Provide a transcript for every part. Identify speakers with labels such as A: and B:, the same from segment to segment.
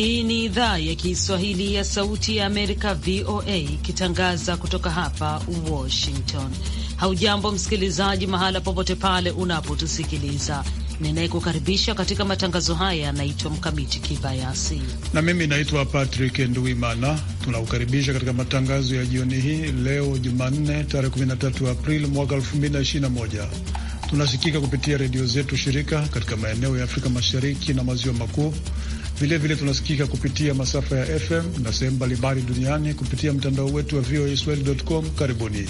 A: Hii ni idhaa ya Kiswahili ya Sauti ya Amerika, VOA, ikitangaza kutoka hapa Washington. Haujambo msikilizaji, mahala popote pale unapotusikiliza. Ninayekukaribisha katika matangazo haya anaitwa Mkamiti Kibayasi
B: na mimi naitwa Patrick Nduimana. Tunakukaribisha katika matangazo ya jioni hii leo Jumanne, tarehe 13 Aprili mwaka 2021. Tunasikika kupitia redio zetu shirika katika maeneo ya Afrika Mashariki na Maziwa Makuu Vilevile tunasikika kupitia masafa ya FM na sehemu mbalimbali duniani kupitia mtandao wetu wa VOA Swahili.com. Karibuni.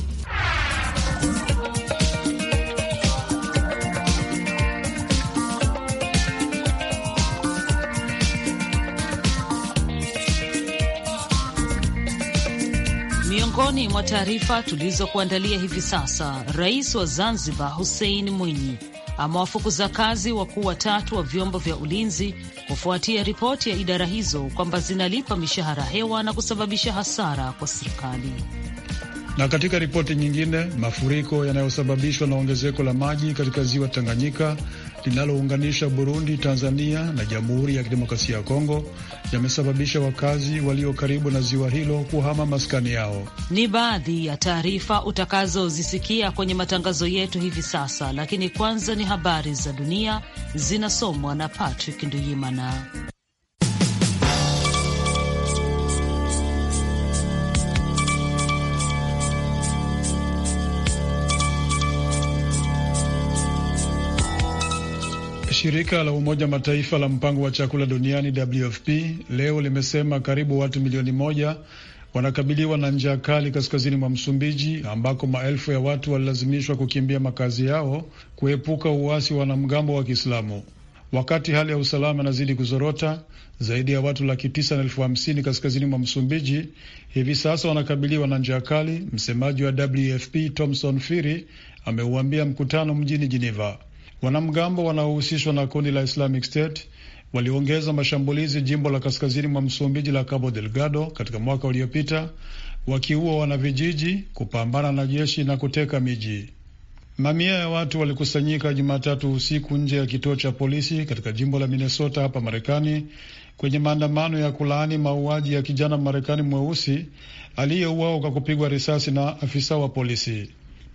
A: Miongoni mwa taarifa tulizokuandalia hivi sasa, Rais wa Zanzibar Hussein Mwinyi amewafukuza kazi wakuu watatu wa vyombo vya ulinzi kufuatia ripoti ya idara hizo kwamba zinalipa mishahara hewa na kusababisha hasara kwa serikali.
B: Na katika ripoti nyingine, mafuriko yanayosababishwa na ongezeko la maji katika ziwa Tanganyika linalounganisha Burundi, Tanzania na Jamhuri ya Kidemokrasia ya Kongo yamesababisha wakazi walio karibu na ziwa hilo kuhama maskani yao.
A: Ni baadhi ya taarifa utakazozisikia kwenye matangazo yetu hivi sasa, lakini kwanza ni habari za dunia zinasomwa na Patrick Nduyimana.
B: Shirika la Umoja Mataifa la mpango wa chakula duniani WFP leo limesema karibu watu milioni moja wanakabiliwa na njaa kali kaskazini mwa Msumbiji ambako maelfu ya watu walilazimishwa kukimbia makazi yao kuepuka uasi wa wanamgambo wa Kiislamu. Wakati hali ya usalama inazidi kuzorota, zaidi ya watu laki tisa na elfu hamsini kaskazini mwa Msumbiji hivi sasa wanakabiliwa na njaa kali. Msemaji wa WFP Thomson Firi ameuambia mkutano mjini jineva Wanamgambo wanaohusishwa na kundi la Islamic State waliongeza mashambulizi jimbo la kaskazini mwa Msumbiji la Cabo Delgado katika mwaka uliopita, wakiua wanavijiji, kupambana na jeshi na kuteka miji. Mamia ya watu walikusanyika Jumatatu usiku nje ya kituo cha polisi katika jimbo la Minnesota hapa Marekani kwenye maandamano ya kulaani mauaji ya kijana Marekani mweusi aliyeuawa kwa kupigwa risasi na afisa wa polisi.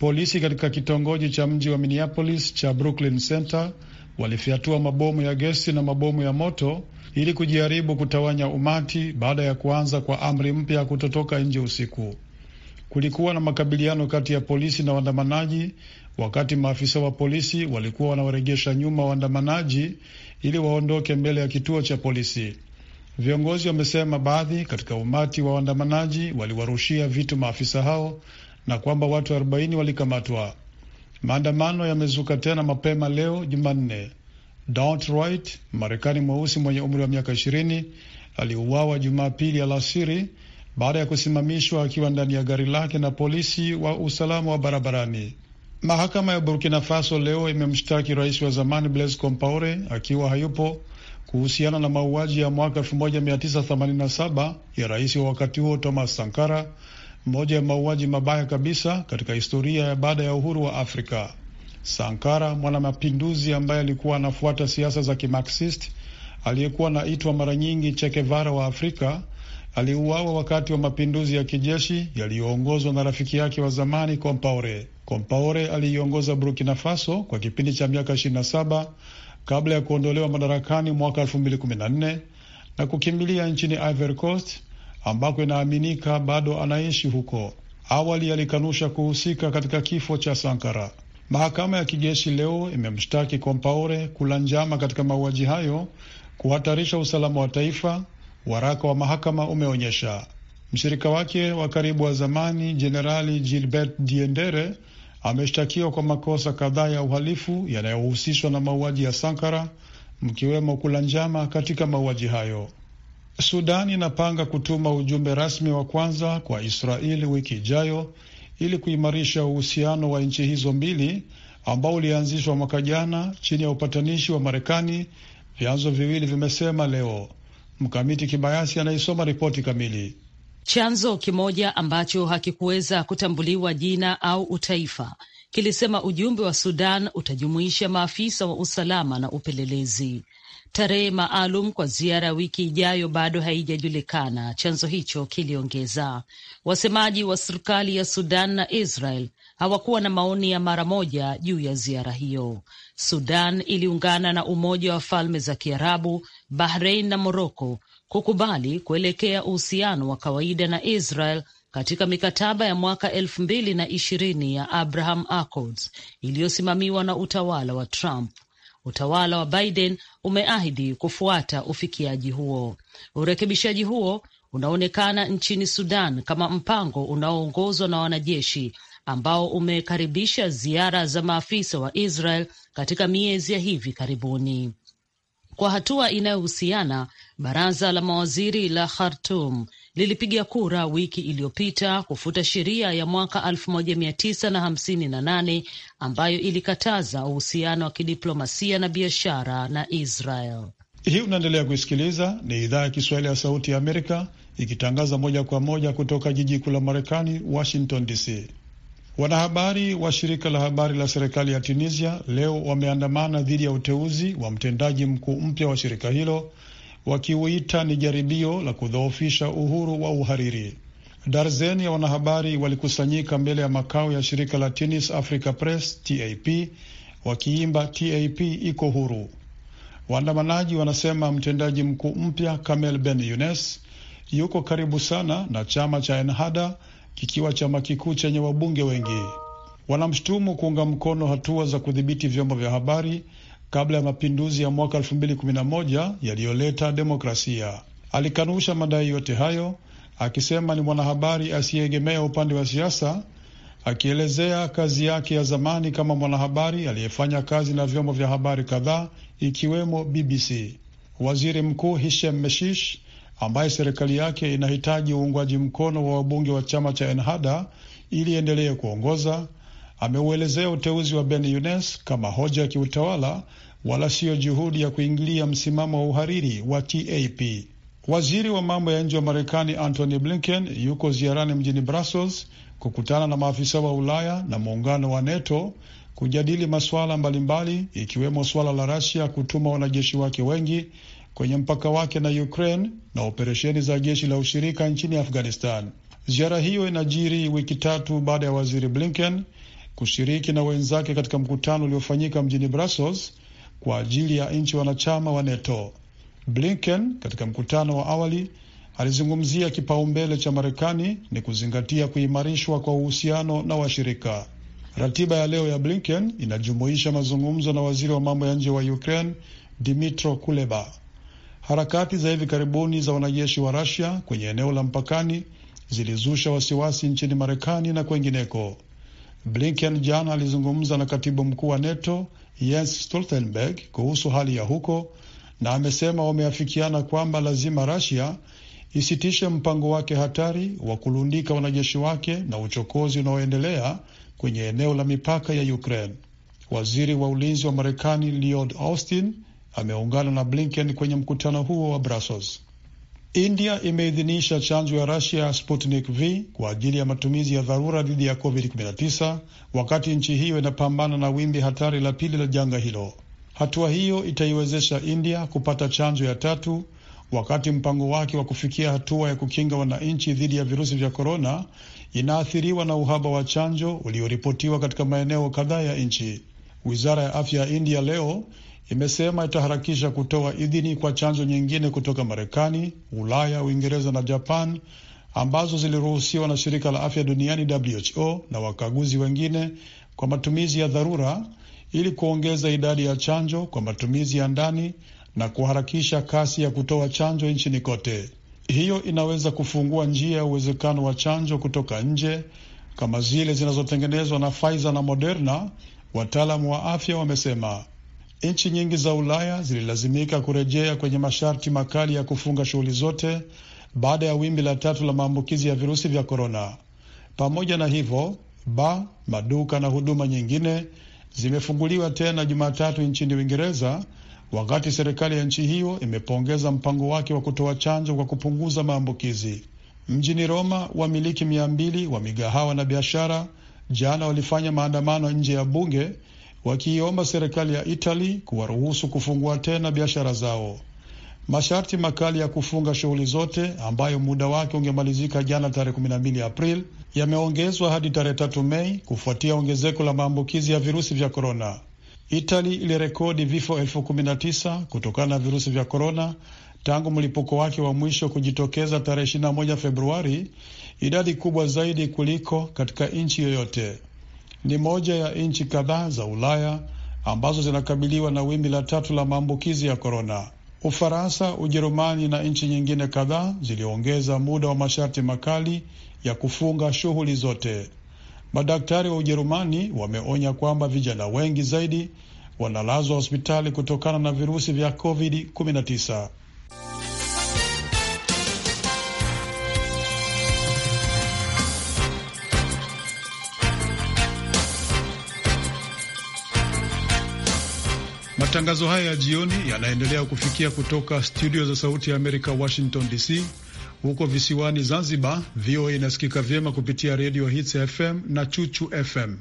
B: Polisi katika kitongoji cha mji wa Minneapolis cha Brooklyn Center walifyatua mabomu ya gesi na mabomu ya moto ili kujaribu kutawanya umati baada ya kuanza kwa amri mpya ya kutotoka nje usiku. Kulikuwa na makabiliano kati ya polisi na waandamanaji, wakati maafisa wa polisi walikuwa wanawarejesha nyuma waandamanaji ili waondoke mbele ya kituo cha polisi. Viongozi wamesema baadhi katika umati wa waandamanaji waliwarushia vitu maafisa hao na kwamba watu 40 walikamatwa. Maandamano yamezuka tena mapema leo Jumanne. Don't Wright, Marekani mweusi mwenye umri wa miaka 20, aliuawa Jumapili alasiri baada ya kusimamishwa akiwa ndani ya gari lake na polisi wa usalama wa barabarani. Mahakama ya Burkina Faso leo imemshtaki rais wa zamani Blaise Compaore akiwa hayupo kuhusiana na mauaji ya mwaka 1987 ya rais wa wakati huo Thomas Sankara moja ya mauaji mabaya kabisa katika historia ya baada ya uhuru wa Afrika. Sankara, mwanamapinduzi ambaye alikuwa anafuata siasa za Kimaksist, aliyekuwa anaitwa mara nyingi Che Guevara wa Afrika, aliuawa wakati wa mapinduzi ya kijeshi yaliyoongozwa na rafiki yake wa zamani Compaore. Compaore aliiongoza Burkina Faso kwa kipindi cha miaka 27 kabla ya kuondolewa madarakani mwaka 2014 na kukimbilia nchini Ivory Coast ambako inaaminika bado anaishi huko. Awali alikanusha kuhusika katika kifo cha Sankara. Mahakama ya kijeshi leo imemshtaki Kompaore kula njama katika mauaji hayo kuhatarisha usalama wa taifa, waraka wa mahakama umeonyesha. Mshirika wake wa karibu wa zamani Jenerali Gilbert Diendere ameshtakiwa kwa makosa kadhaa ya uhalifu yanayohusishwa na mauaji ya Sankara, mkiwemo kula njama katika mauaji hayo. Sudan inapanga kutuma ujumbe rasmi wa kwanza kwa Israeli wiki ijayo ili kuimarisha uhusiano wa nchi hizo mbili ambao ulianzishwa mwaka jana chini ya upatanishi wa Marekani, vyanzo viwili vimesema leo. Mkamiti Kibayasi anaisoma ripoti kamili.
A: Chanzo kimoja ambacho hakikuweza kutambuliwa jina au utaifa kilisema ujumbe wa Sudan utajumuisha maafisa wa usalama na upelelezi. Tarehe maalum kwa ziara ya wiki ijayo bado haijajulikana, chanzo hicho kiliongeza. Wasemaji wa serikali ya Sudan na Israel hawakuwa na maoni ya mara moja juu ya ziara hiyo. Sudan iliungana na Umoja wa Falme za Kiarabu, Bahrein na Moroko kukubali kuelekea uhusiano wa kawaida na Israel katika mikataba ya mwaka elfu mbili na ishirini ya Abraham Accords iliyosimamiwa na utawala wa Trump. Utawala wa Biden umeahidi kufuata ufikiaji huo. Urekebishaji huo unaonekana nchini Sudan kama mpango unaoongozwa na wanajeshi ambao umekaribisha ziara za maafisa wa Israel katika miezi ya hivi karibuni. Kwa hatua inayohusiana, baraza la mawaziri la Khartum lilipiga kura wiki iliyopita kufuta sheria ya mwaka 1958 ambayo ilikataza uhusiano wa kidiplomasia na biashara na
B: Israel. Hii unaendelea kuisikiliza, ni idhaa ya Kiswahili ya Sauti ya Amerika ikitangaza moja kwa moja kutoka jiji kuu la Marekani, Washington DC. Wanahabari wa shirika la habari la serikali ya Tunisia leo wameandamana dhidi ya uteuzi wa mtendaji mkuu mpya wa shirika hilo wakiuita ni jaribio la kudhoofisha uhuru wa uhariri. Darzeni ya wanahabari walikusanyika mbele ya makao ya shirika la Tunis Africa Press TAP wakiimba TAP iko huru. Waandamanaji wanasema mtendaji mkuu mpya Kamel Ben Younes yuko karibu sana na chama cha Ennahda kikiwa chama kikuu chenye wabunge wengi. Wanamshutumu kuunga mkono hatua za kudhibiti vyombo vya habari kabla ya mapinduzi ya mwaka 2011 yaliyoleta demokrasia. Alikanusha madai yote hayo akisema ni mwanahabari asiyeegemea upande wa siasa, akielezea kazi yake ya zamani kama mwanahabari aliyefanya kazi na vyombo vya habari kadhaa ikiwemo BBC. Waziri Mkuu Hisham Meshish ambaye serikali yake inahitaji uungwaji mkono wa wabunge wa chama cha Ennahda ili endelee kuongoza ameuelezea uteuzi wa Ben unes kama hoja ya kiutawala wala siyo juhudi ya kuingilia msimamo wa uhariri wa TAP. Waziri wa mambo ya nje wa Marekani Antony Blinken yuko ziarani mjini Brussels kukutana na maafisa wa Ulaya na muungano wa NATO kujadili masuala mbalimbali ikiwemo suala la Rasia kutuma wanajeshi wake wengi kwenye mpaka wake na Ukraine na operesheni za jeshi la ushirika nchini Afghanistan. Ziara hiyo inajiri wiki tatu baada ya waziri Blinken kushiriki na wenzake katika mkutano uliofanyika mjini Brussels kwa ajili ya nchi wanachama wa NATO. Blinken katika mkutano wa awali alizungumzia kipaumbele cha Marekani ni kuzingatia kuimarishwa kwa uhusiano na washirika. Ratiba ya leo ya Blinken inajumuisha mazungumzo na waziri wa mambo ya nje wa Ukraine Dimitro Kuleba. Harakati za hivi karibuni za wanajeshi wa Russia kwenye eneo la mpakani zilizusha wasiwasi nchini Marekani na kwengineko. Blinken jana alizungumza na katibu mkuu wa NATO Jens Stoltenberg kuhusu hali ya huko na amesema wameafikiana kwamba lazima Rasia isitishe mpango wake hatari wa kulundika wanajeshi wake na uchokozi unaoendelea kwenye eneo la mipaka ya Ukraine. Waziri wa ulinzi wa Marekani Lloyd Austin ameungana na Blinken kwenye mkutano huo wa Brussels. India imeidhinisha chanjo ya Rasia Sputnik V kwa ajili ya matumizi ya dharura dhidi ya COVID-19 wakati nchi hiyo inapambana na wimbi hatari la pili la janga hilo. Hatua hiyo itaiwezesha India kupata chanjo ya tatu wakati mpango wake wa kufikia hatua ya kukinga wananchi dhidi ya virusi vya korona inaathiriwa na uhaba wa chanjo ulioripotiwa katika maeneo kadhaa ya nchi. Wizara ya afya ya India leo imesema itaharakisha kutoa idhini kwa chanjo nyingine kutoka Marekani, Ulaya, Uingereza na Japan ambazo ziliruhusiwa na shirika la afya duniani WHO na wakaguzi wengine kwa matumizi ya dharura ili kuongeza idadi ya chanjo kwa matumizi ya ndani na kuharakisha kasi ya kutoa chanjo nchini kote. Hiyo inaweza kufungua njia ya uwezekano wa chanjo kutoka nje kama zile zinazotengenezwa na Pfizer na Moderna, wataalamu wa afya wamesema. Nchi nyingi za Ulaya zililazimika kurejea kwenye masharti makali ya kufunga shughuli zote baada ya wimbi la tatu la maambukizi ya virusi vya korona. Pamoja na hivyo, ba, maduka na huduma nyingine zimefunguliwa tena Jumatatu nchini Uingereza, wakati serikali ya nchi hiyo imepongeza mpango wake wa kutoa chanjo kwa kupunguza maambukizi. Mjini Roma, wamiliki mia mbili wa migahawa na biashara jana walifanya maandamano nje ya bunge wakiiomba serikali ya Itali kuwaruhusu kufungua tena biashara zao. Masharti makali ya kufunga shughuli zote ambayo muda wake ungemalizika jana tarehe 12 Aprili yameongezwa hadi tarehe 3 Mei kufuatia ongezeko la maambukizi ya virusi vya korona. Itali ilirekodi vifo elfu kumi na tisa kutokana na virusi vya korona tangu mlipuko wake wa mwisho kujitokeza tarehe 21 Februari, idadi kubwa zaidi kuliko katika nchi yoyote ni moja ya nchi kadhaa za Ulaya ambazo zinakabiliwa na wimbi la tatu la maambukizi ya korona. Ufaransa, Ujerumani na nchi nyingine kadhaa ziliongeza muda wa masharti makali ya kufunga shughuli zote. Madaktari wa Ujerumani wameonya kwamba vijana wengi zaidi wanalazwa hospitali kutokana na virusi vya COVID-19. Matangazo haya ya jioni yanaendelea kufikia kutoka studio za Sauti ya Amerika, Washington DC. Huko visiwani Zanzibar, VOA inasikika vyema kupitia redio Hits FM na Chuchu FM.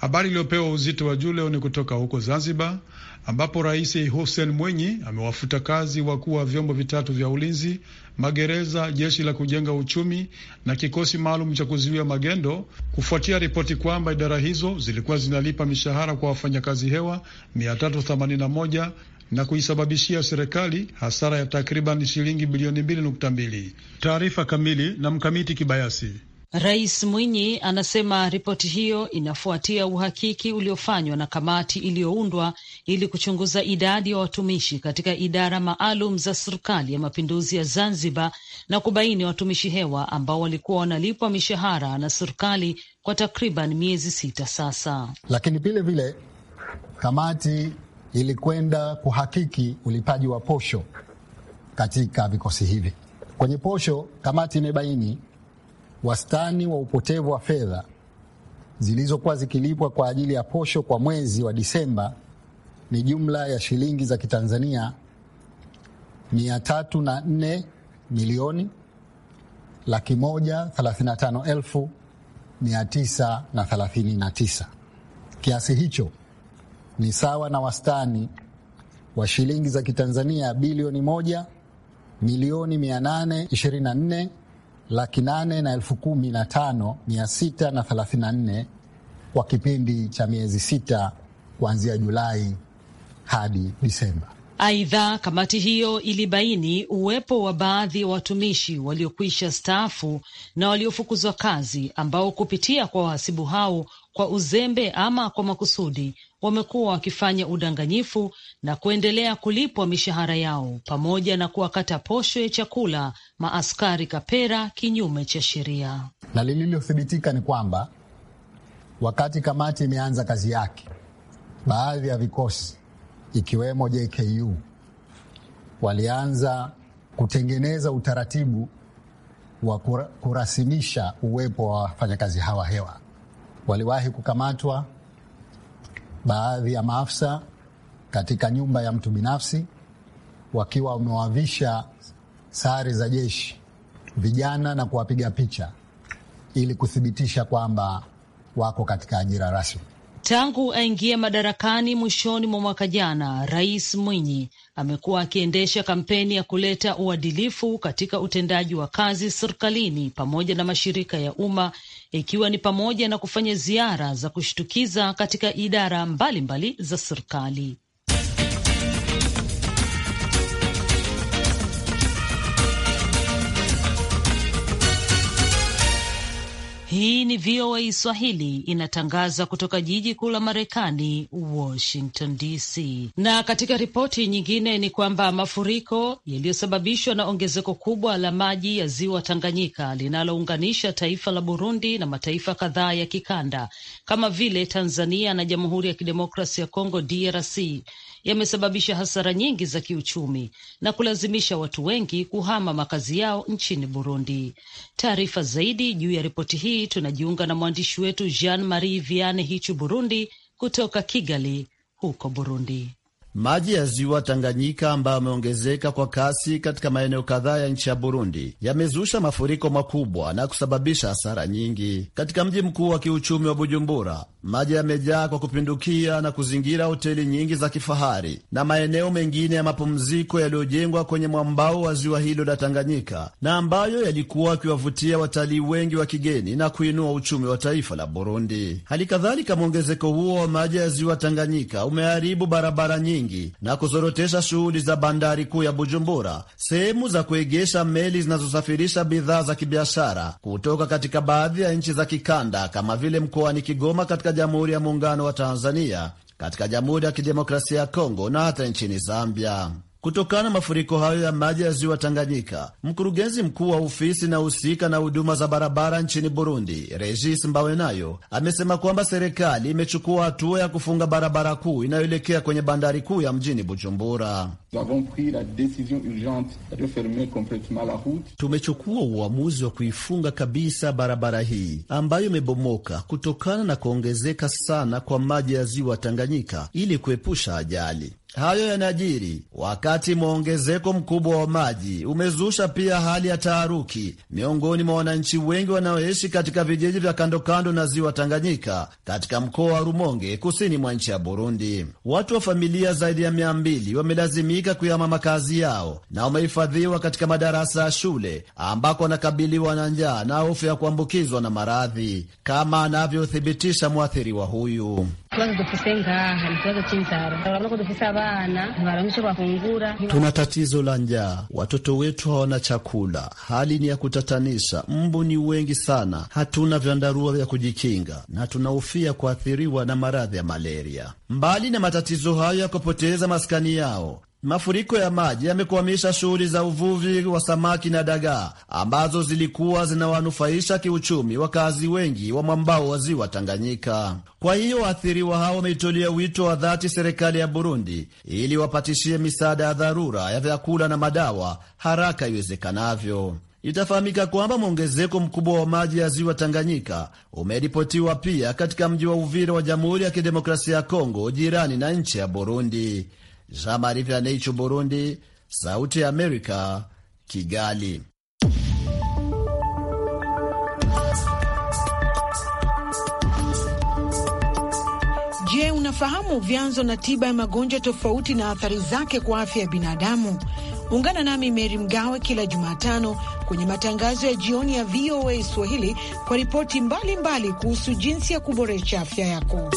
B: Habari iliyopewa uzito wa juu leo ni kutoka huko Zanzibar ambapo Rais Hussein Mwinyi amewafuta kazi wakuu wa vyombo vitatu vya ulinzi, magereza, jeshi la kujenga uchumi na kikosi maalum cha kuzuia magendo kufuatia ripoti kwamba idara hizo zilikuwa zinalipa mishahara kwa wafanyakazi hewa 381 na kuisababishia serikali hasara ya takriban shilingi bilioni 2.2. Taarifa kamili na Mkamiti Kibayasi.
A: Rais Mwinyi anasema ripoti hiyo inafuatia uhakiki uliofanywa na kamati iliyoundwa ili kuchunguza idadi ya watumishi katika idara maalum za serikali ya mapinduzi ya Zanzibar na kubaini watumishi hewa ambao walikuwa wanalipwa mishahara na serikali kwa takriban miezi sita sasa.
C: Lakini vile vile kamati ilikwenda kuhakiki ulipaji wa posho katika vikosi hivi. Kwenye posho, kamati imebaini wastani wa upotevu wa fedha zilizokuwa zikilipwa kwa ajili ya posho kwa mwezi wa Disemba ni jumla ya shilingi za Kitanzania 304 milioni laki moja thelathini na tano elfu mia tisa na thelathini na tisa. Kiasi hicho ni sawa na wastani wa shilingi za Kitanzania bilioni moja milioni mia nane ishirini na nne laki nane na elfu kumi na tano mia sita na thelathini na nne kwa kipindi cha miezi sita kuanzia Julai hadi Disemba.
A: Aidha, kamati hiyo ilibaini uwepo wa baadhi ya watumishi waliokwisha staafu na waliofukuzwa kazi ambao kupitia kwa wahasibu hao kwa uzembe ama kwa makusudi wamekuwa wakifanya udanganyifu na kuendelea kulipwa mishahara yao pamoja na kuwakata posho ya chakula maaskari kapera kinyume cha sheria.
C: Na lililothibitika ni kwamba wakati kamati imeanza kazi yake, baadhi ya vikosi ikiwemo JKU walianza kutengeneza utaratibu wa kurasimisha uwepo wa wafanyakazi hawa hewa waliwahi kukamatwa baadhi ya maafisa katika nyumba ya mtu binafsi wakiwa wamewavisha sare za jeshi vijana na kuwapiga picha ili kuthibitisha kwamba wako katika ajira rasmi.
A: Tangu aingie madarakani mwishoni mwa mwaka jana, Rais Mwinyi amekuwa akiendesha kampeni ya kuleta uadilifu katika utendaji wa kazi serikalini pamoja na mashirika ya umma, ikiwa ni pamoja na kufanya ziara za kushtukiza katika idara mbalimbali mbali za serikali. Hii ni VOA Swahili inatangaza kutoka jiji kuu la Marekani, Washington DC. Na katika ripoti nyingine ni kwamba mafuriko yaliyosababishwa na ongezeko kubwa la maji ya ziwa Tanganyika linalounganisha taifa la Burundi na mataifa kadhaa ya kikanda kama vile Tanzania na Jamhuri ya kidemokrasi ya Kongo DRC yamesababisha hasara nyingi za kiuchumi na kulazimisha watu wengi kuhama makazi yao nchini Burundi. Taarifa zaidi juu ya ripoti hii tunajiunga na mwandishi wetu Jean Marie Viane Hichu Burundi kutoka Kigali
D: huko Burundi. Maji ya ziwa Tanganyika ambayo yameongezeka kwa kasi katika maeneo kadhaa ya nchi ya Burundi yamezusha mafuriko makubwa na kusababisha hasara nyingi. Katika mji mkuu wa kiuchumi wa Bujumbura, maji yamejaa kwa kupindukia na kuzingira hoteli nyingi za kifahari na maeneo mengine ya mapumziko yaliyojengwa kwenye mwambao wa ziwa hilo la Tanganyika na ambayo yalikuwa akiwavutia watalii wengi wa kigeni na kuinua uchumi wa taifa la Burundi. Hali kadhalika, mwongezeko huo wa maji ya ziwa Tanganyika umeharibu barabara nyingi nyingi na kuzorotesha shughuli za bandari kuu ya Bujumbura, sehemu za kuegesha meli zinazosafirisha bidhaa za kibiashara kutoka katika baadhi ya nchi za kikanda kama vile mkoani Kigoma katika Jamhuri ya Muungano wa Tanzania, katika Jamhuri ya Kidemokrasia ya Kongo na hata nchini Zambia kutokana na mafuriko hayo ya maji ya ziwa Tanganyika. Mkurugenzi mkuu wa ofisi na husika na huduma za barabara nchini Burundi, Regis Mbawenayo, amesema kwamba serikali imechukua hatua ya kufunga barabara kuu inayoelekea kwenye bandari kuu ya mjini Bujumbura. Tumechukua uamuzi wa kuifunga kabisa barabara hii ambayo imebomoka kutokana na kuongezeka sana kwa maji ya ziwa Tanganyika ili kuepusha ajali. Hayo yanajiri wakati mwongezeko mkubwa wa maji umezusha pia hali ya taharuki miongoni mwa wananchi wengi wanaoishi katika vijiji vya kandokando na ziwa Tanganyika katika mkoa wa Rumonge, kusini mwa nchi ya Burundi. Watu wa familia zaidi ya mia mbili wamelazimika kuyama makazi yao na wamehifadhiwa katika madarasa ya shule ambako wanakabiliwa na njaa na hofu ya kuambukizwa na maradhi, kama anavyothibitisha mwathiriwa huyu. Tuna tatizo la njaa, watoto wetu hawana chakula, hali ni ya kutatanisha. Mbu ni wengi sana, hatuna vyandarua vya kujikinga na tunahofia kuathiriwa na maradhi ya malaria. Mbali na matatizo hayo ya kupoteza maskani yao, Mafuriko ya maji yamekwamisha shughuli za uvuvi wa samaki na dagaa ambazo zilikuwa zinawanufaisha kiuchumi wakazi wengi wa mwambao wa ziwa Tanganyika. Kwa hiyo waathiriwa hao wameitolia wito wa dhati serikali ya Burundi ili wapatishie misaada ya dharura ya vyakula na madawa haraka iwezekanavyo. Itafahamika kwamba mwongezeko mkubwa wa maji ya ziwa Tanganyika umeripotiwa pia katika mji wa Uvira wa Jamhuri ya Kidemokrasia ya Kongo, jirani na nchi ya Burundi. Jean Marie Burundi. Sauti ya Amerika, Kigali.
E: Je, unafahamu vyanzo na tiba ya magonjwa tofauti na athari zake kwa afya ya binadamu? Ungana nami Meri Mgawe kila Jumatano kwenye matangazo ya jioni ya VOA Swahili kwa ripoti mbalimbali kuhusu jinsi ya kuboresha afya yako.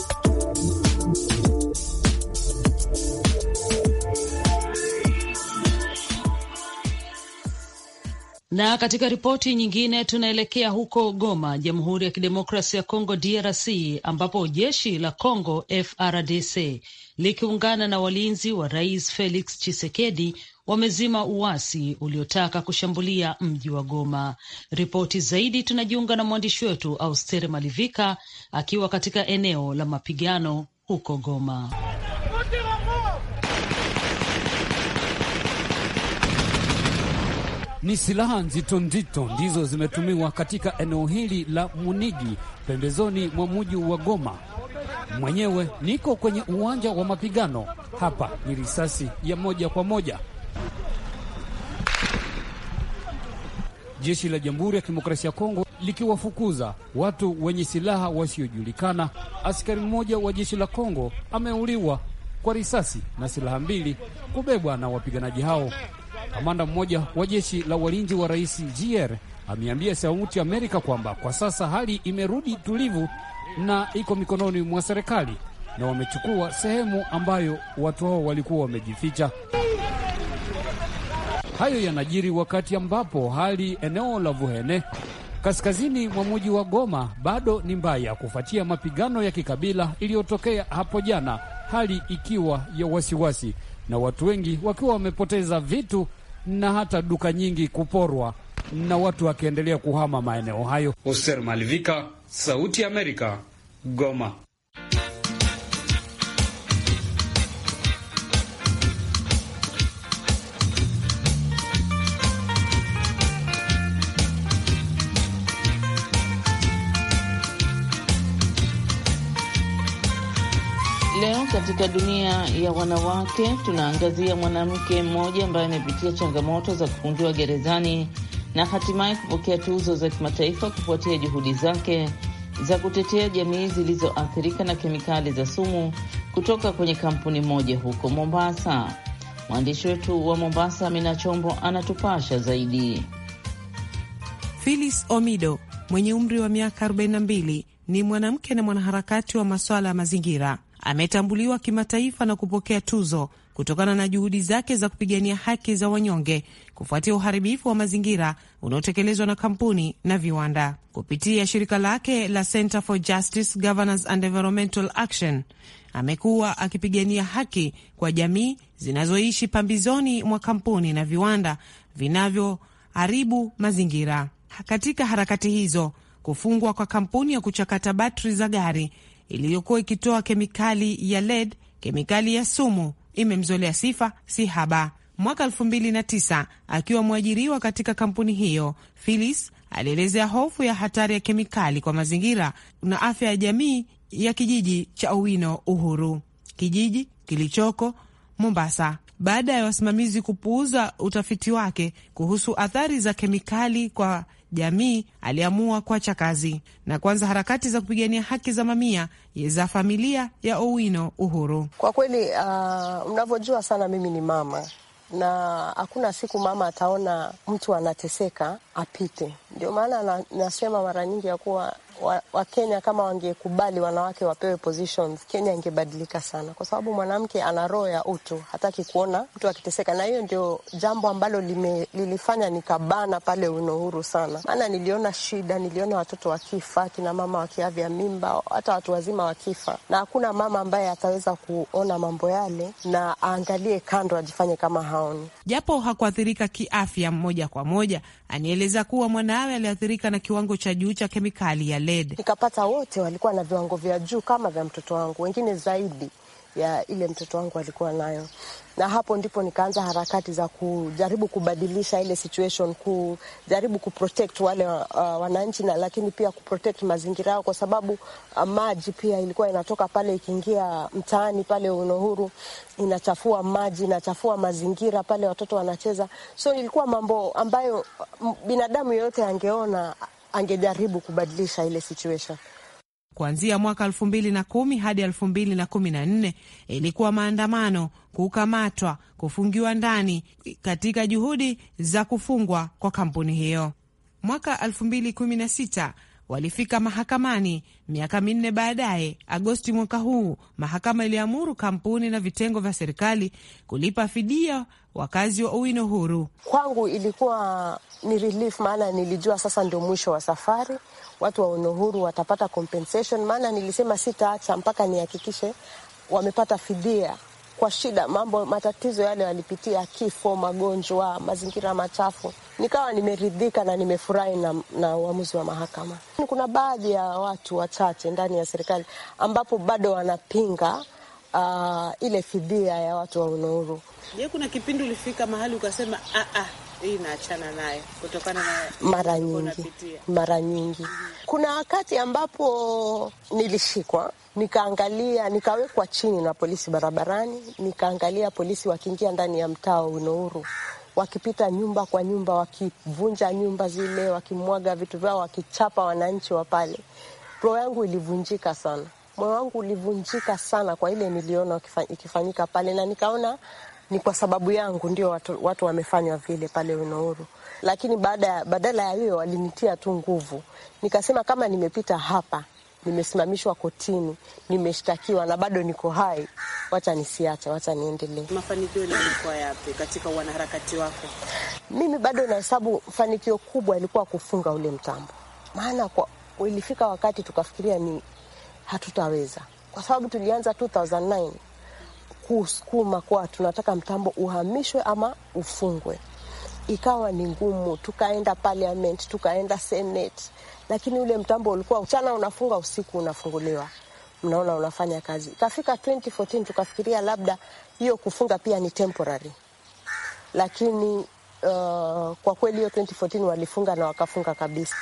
A: Na katika ripoti nyingine tunaelekea huko Goma, Jamhuri ya Kidemokrasia ya Kongo DRC, ambapo jeshi la Kongo FRDC likiungana na walinzi wa Rais Felix Tshisekedi wamezima uasi uliotaka kushambulia mji wa Goma. Ripoti zaidi tunajiunga na mwandishi wetu Austere Malivika akiwa katika eneo la mapigano
F: huko Goma. Ni silaha nzito nzito ndizo zimetumiwa katika eneo hili la Munigi, pembezoni mwa mji wa Goma. Mwenyewe niko kwenye uwanja wa mapigano hapa, ni risasi ya moja kwa moja. Jeshi la Jamhuri ya Kidemokrasia ya Kongo likiwafukuza watu wenye silaha wasiojulikana. Askari mmoja wa jeshi la Kongo ameuliwa kwa risasi na silaha mbili kubebwa na wapiganaji hao Kamanda mmoja wa jeshi la walinzi wa rais JR ameambia Sauti ya Amerika kwamba kwa sasa hali imerudi tulivu na iko mikononi mwa serikali na wamechukua sehemu ambayo watu hao walikuwa wamejificha. Hayo yanajiri wakati ambapo hali eneo la Vuhene kaskazini mwa mji wa Goma bado ni mbaya kufuatia mapigano ya kikabila iliyotokea hapo jana, hali ikiwa ya wasiwasi na watu wengi wakiwa wamepoteza vitu na hata duka nyingi kuporwa na watu wakiendelea kuhama maeneo hayo. Hoser Malivika, Sauti ya Amerika, Goma.
G: Leo katika dunia ya wanawake tunaangazia mwanamke mmoja ambaye amepitia changamoto za kufungiwa gerezani na hatimaye kupokea tuzo za kimataifa kufuatia juhudi zake za kutetea jamii zilizoathirika na kemikali za sumu kutoka kwenye kampuni moja huko Mombasa. Mwandishi wetu wa Mombasa, Amina Chombo, anatupasha zaidi.
E: Phyllis Omido mwenye umri wa miaka 42 ni mwanamke na mwanaharakati wa masuala ya mazingira ametambuliwa kimataifa na kupokea tuzo kutokana na juhudi zake za kupigania haki za wanyonge kufuatia uharibifu wa mazingira unaotekelezwa na kampuni na viwanda. Kupitia shirika lake la Center for Justice, Governance and Environmental Action, amekuwa akipigania haki kwa jamii zinazoishi pambizoni mwa kampuni na viwanda vinavyoharibu mazingira. Katika harakati hizo, kufungwa kwa kampuni ya kuchakata batri za gari iliyokuwa ikitoa kemikali ya lead, kemikali ya sumu, imemzolea sifa si haba. Mwaka tisa akiwa mwajiriwa katika kampuni hiyo, Phyllis alielezea hofu ya hatari ya kemikali kwa mazingira na afya ya jamii ya kijiji cha Owino Uhuru, kijiji kilichoko Mombasa, baada ya wasimamizi kupuuza utafiti wake kuhusu athari za kemikali kwa jamii aliamua kuacha kazi na kuanza harakati za kupigania haki za mamia za familia ya Owino Uhuru.
G: Kwa kweli, uh, mnavyojua sana, mimi ni mama na hakuna siku mama ataona mtu anateseka apite ndio maana na, nasema mara nyingi ya kuwa Wakenya wa kama wangekubali wanawake wapewe positions, Kenya ingebadilika sana, kwa sababu mwanamke ana roho ya utu, hataki kuona mtu akiteseka, na hiyo ndio jambo ambalo lime, lilifanya nikabana pale Unohuru sana, maana niliona shida, niliona watoto wakifa, kina mama wakiavya mimba, hata watu wazima wakifa, na hakuna mama ambaye ataweza kuona mambo yale na aangalie kando, ajifanye kama haoni,
E: japo hakuathirika kiafya moja kwa moja. Anieleza kuwa mwana mwanawe aliathirika na kiwango cha juu cha kemikali ya lead.
G: Nikapata wote walikuwa na viwango vya juu kama vya mtoto wangu, wengine zaidi ya ile mtoto wangu alikuwa nayo, na hapo ndipo nikaanza harakati za kujaribu kubadilisha ile situation, kujaribu kuprotect wale uh, wananchi na lakini pia kuprotect mazingira yao, kwa sababu uh, maji pia ilikuwa inatoka pale ikiingia mtaani pale Unohuru, inachafua maji, inachafua mazingira pale watoto wanacheza. So ilikuwa mambo ambayo binadamu yeyote angeona angejaribu kubadilisha ile situation
E: kuanzia mwaka elfu mbili na kumi hadi elfu mbili na na kumi nne ilikuwa maandamano, kukamatwa, kufungiwa ndani katika juhudi za kufungwa kwa kampuni hiyo. Mwaka sita walifika mahakamani miaka minne baadaye. Agosti mwaka huu, mahakama iliamuru kampuni na vitengo vya serikali kulipa fidia wakazi wa Owino Huru.
G: Kwangu ilikuwa ni relief, maana nilijua sasa ndio mwisho wa safari, watu wa Owino Huru watapata compensation, maana nilisema sitaacha mpaka nihakikishe wamepata fidia kwa shida, mambo matatizo yale walipitia, kifo, magonjwa, mazingira machafu. Nikawa nimeridhika na nimefurahi na, na uamuzi wa mahakama. Kuna baadhi ya watu wachache ndani ya serikali ambapo bado wanapinga uh, ile fidia ya watu wa unauru.
E: Je, kuna kipindi ulifika mahali ukasema ah, ah, hii inaachana naye kutokana na mara nyingi,
G: mara nyingi. Kuna wakati ambapo nilishikwa nikaangalia nikawekwa chini na polisi barabarani, nikaangalia polisi wakiingia ndani ya mtaa wa Unouru, wakipita nyumba kwa nyumba, wakivunja nyumba zile, wakimwaga vitu vyao, wakichapa wananchi wa pale. Roho yangu ilivunjika sana, moyo wangu ulivunjika sana kwa ile niliona ikifanyika pale, na nikaona ni kwa sababu yangu ndio watu, watu wamefanywa vile pale Unouru, lakini baada, badala ya hiyo walinitia tu nguvu. Nikasema kama nimepita hapa, nimesimamishwa kotini, nimeshtakiwa na bado niko hai, wacha nisiache, wacha niendelee.
E: Mafanikio yalikuwa yapi katika wanaharakati wako?
G: Mimi bado nahesabu fanikio kubwa ilikuwa kufunga ule mtambo, maana kwa ilifika wakati tukafikiria ni hatutaweza, kwa sababu tulianza 2009 kusukuma kwa tunataka mtambo uhamishwe ama ufungwe. Ikawa ni ngumu, tukaenda parliament, tukaenda senate, lakini ule mtambo ulikuwa mchana unafunga, usiku unafunguliwa, mnaona unafanya kazi. Ikafika 2014 tukafikiria labda hiyo kufunga pia ni temporary, lakini uh, kwa kweli hiyo 2014 walifunga na wakafunga kabisa.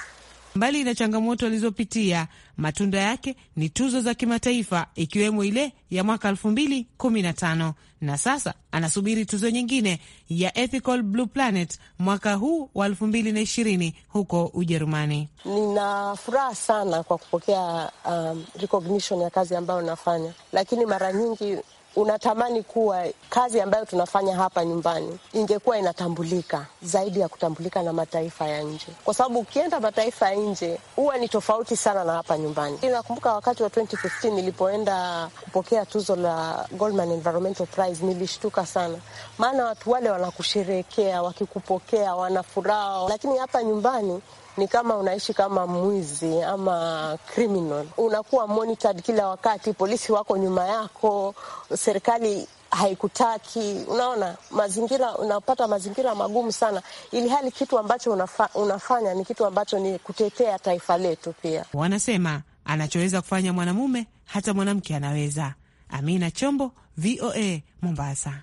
E: Mbali na changamoto alizopitia, matunda yake ni tuzo za kimataifa ikiwemo ile ya mwaka elfu mbili kumi na tano na sasa anasubiri tuzo nyingine ya Ethical Blue Planet mwaka huu wa elfu mbili na ishirini huko Ujerumani.
G: Nina furaha sana kwa kupokea um, recognition ya kazi ambayo nafanya, lakini mara nyingi unatamani kuwa kazi ambayo tunafanya hapa nyumbani ingekuwa inatambulika zaidi ya kutambulika na mataifa ya nje, kwa sababu ukienda mataifa ya nje huwa ni tofauti sana na hapa nyumbani. Nakumbuka wakati wa 2015 nilipoenda kupokea tuzo la Goldman Environmental Prize, nilishtuka sana, maana watu wale wanakusherehekea, wakikupokea wanafuraha lakini hapa nyumbani ni kama unaishi kama mwizi ama criminal. Unakuwa monitored kila wakati, polisi wako nyuma yako, serikali haikutaki. Unaona mazingira, unapata mazingira magumu sana, ili hali kitu ambacho unafa, unafanya ni kitu ambacho ni kutetea
E: taifa letu. Pia wanasema anachoweza kufanya mwanamume hata mwanamke anaweza. Amina Chombo, VOA Mombasa.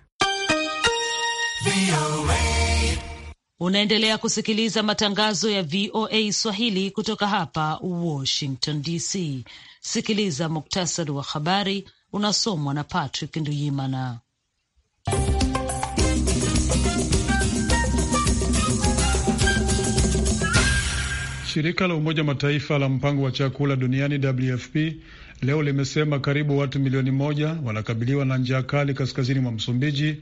E: VOA.
A: Unaendelea kusikiliza matangazo ya VOA Swahili kutoka hapa Washington DC. Sikiliza muktasari wa habari unasomwa na Patrick Nduyimana.
B: Shirika la Umoja Mataifa la mpango wa chakula duniani WFP leo limesema karibu watu milioni moja wanakabiliwa na njaa kali kaskazini mwa Msumbiji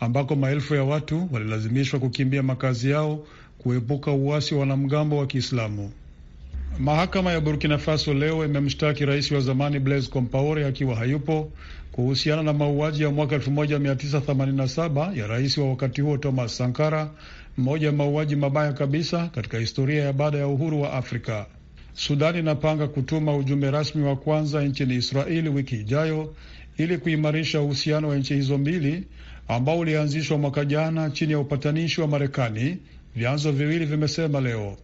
B: ambako maelfu ya watu walilazimishwa kukimbia makazi yao kuepuka uasi wa wanamgambo wa Kiislamu. Mahakama ya Burkina Faso leo imemshtaki rais wa zamani Blaise Compaore akiwa hayupo kuhusiana na mauaji ya mwaka 1987 ya rais wa wakati huo Thomas Sankara, mmoja ya mauaji mabaya kabisa katika historia ya baada ya uhuru wa Afrika. Sudani inapanga kutuma ujumbe rasmi wa kwanza nchini Israeli wiki ijayo ili kuimarisha uhusiano wa nchi hizo mbili ambao ulianzishwa mwaka jana chini ya upatanishi wa Marekani, vyanzo viwili vimesema leo.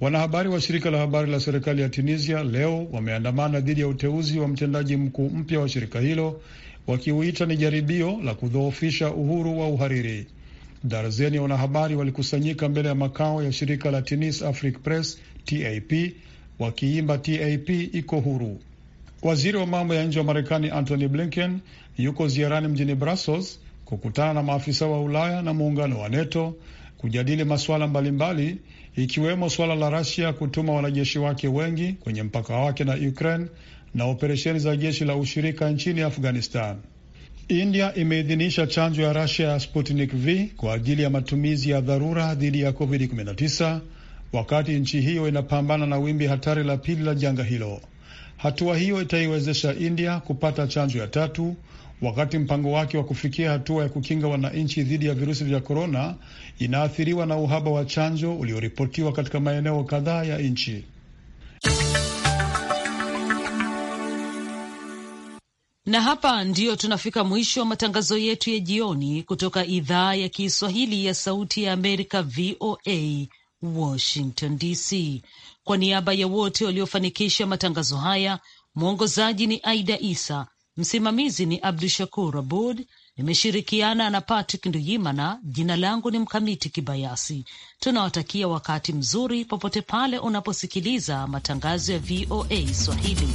B: Wanahabari wa shirika la habari la serikali ya Tunisia leo wameandamana dhidi ya uteuzi wa mtendaji mkuu mpya wa shirika hilo, wakiuita ni jaribio la kudhoofisha uhuru wa uhariri. Darzeni ya wanahabari walikusanyika mbele ya makao ya shirika la Tunis Afrique Press TAP wakiimba TAP iko huru. Waziri wa mambo ya nje wa Marekani Antony Blinken yuko ziarani mjini Brussels kukutana na maafisa wa Ulaya na muungano wa NATO kujadili masuala mbalimbali ikiwemo suala la Rasia kutuma wanajeshi wake wengi kwenye mpaka wake na Ukraine na operesheni za jeshi la ushirika nchini Afghanistan. India imeidhinisha chanjo ya Rasia ya Sputnik V kwa ajili ya matumizi ya dharura dhidi ya COVID-19 wakati nchi hiyo inapambana na wimbi hatari la pili la janga hilo. Hatua hiyo itaiwezesha India kupata chanjo ya tatu wakati mpango wake wa kufikia hatua ya kukinga wananchi dhidi ya virusi vya korona inaathiriwa na uhaba wa chanjo ulioripotiwa katika maeneo kadhaa ya nchi.
A: Na hapa ndiyo tunafika mwisho wa matangazo yetu ya jioni kutoka idhaa ya Kiswahili ya Sauti ya Amerika, VOA Washington DC. Kwa niaba ya wote waliofanikisha matangazo haya, mwongozaji ni Aida Isa. Msimamizi ni Abdu Shakur Abud. Nimeshirikiana na Patrick Nduyimana. Jina langu ni Mkamiti Kibayasi. Tunawatakia wakati mzuri popote pale unaposikiliza matangazo ya VOA Swahili.